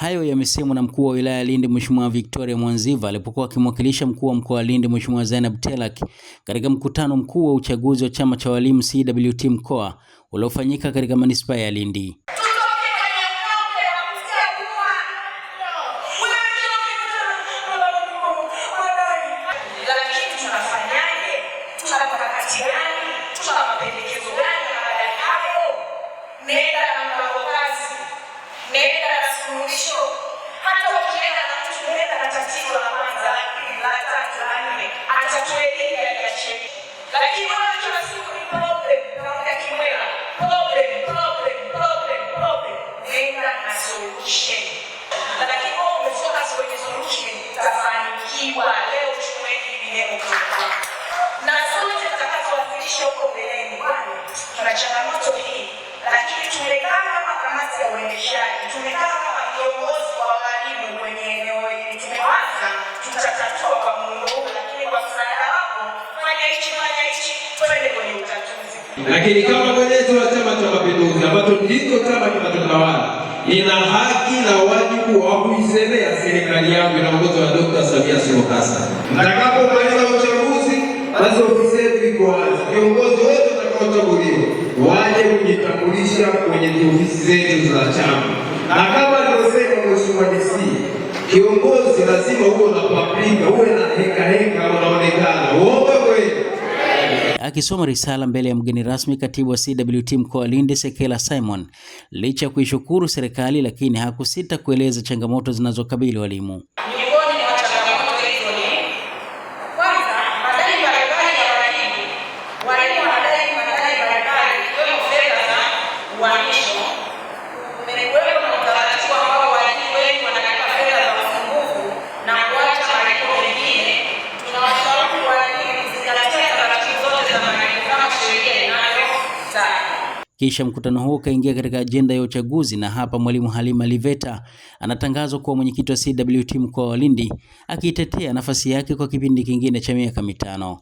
Hayo yamesemwa na mkuu wa wilaya ya Lindi Mheshimiwa Victoria Mwanziva alipokuwa akimwakilisha mkuu wa mkoa wa Lindi Mheshimiwa Zainab Telak katika mkutano mkuu wa uchaguzi wa chama cha walimu CWT mkoa uliofanyika katika manispaa ya Lindi suluhisho. Hata ukienda na kutueleza na tatizo la kwanza, la pili, la tatu, la nne, atatueleza aliachie. Lakini wao kila siku ni problem, katika kimwela problem, problem, problem, problem. Nenda na solution, lakini wao umefocus kwenye solution, utafanikiwa. Lakini kama mwenyezi wa Chama cha Mapinduzi ambacho ndicho chama kinachotawala ina haki na wajibu wa kuisemea serikali yangu inaongozwa na Dkt. Samia Suluhu Hassan. Mtakapomaliza uchaguzi, basi ofisi yetu iko wazi, viongozi wote watakaochaguliwa waje kujitambulisha kwenye ofisi zetu za chama, na kama alivyosema Mheshimiwa DC, kiongozi lazima uwe na paprika, uwe na heka heka Akisoma risala mbele ya mgeni rasmi, katibu wa CWT mkoa wa Lindi Sekela Simon, licha ya kuishukuru serikali, lakini hakusita kueleza changamoto zinazokabili walimu. Kisha mkutano huo ukaingia katika ajenda ya uchaguzi, na hapa Mwalimu Halima Liveta anatangazwa kuwa mwenyekiti wa CWT mkoa wa Lindi, akiitetea nafasi yake kwa kipindi kingine cha miaka mitano.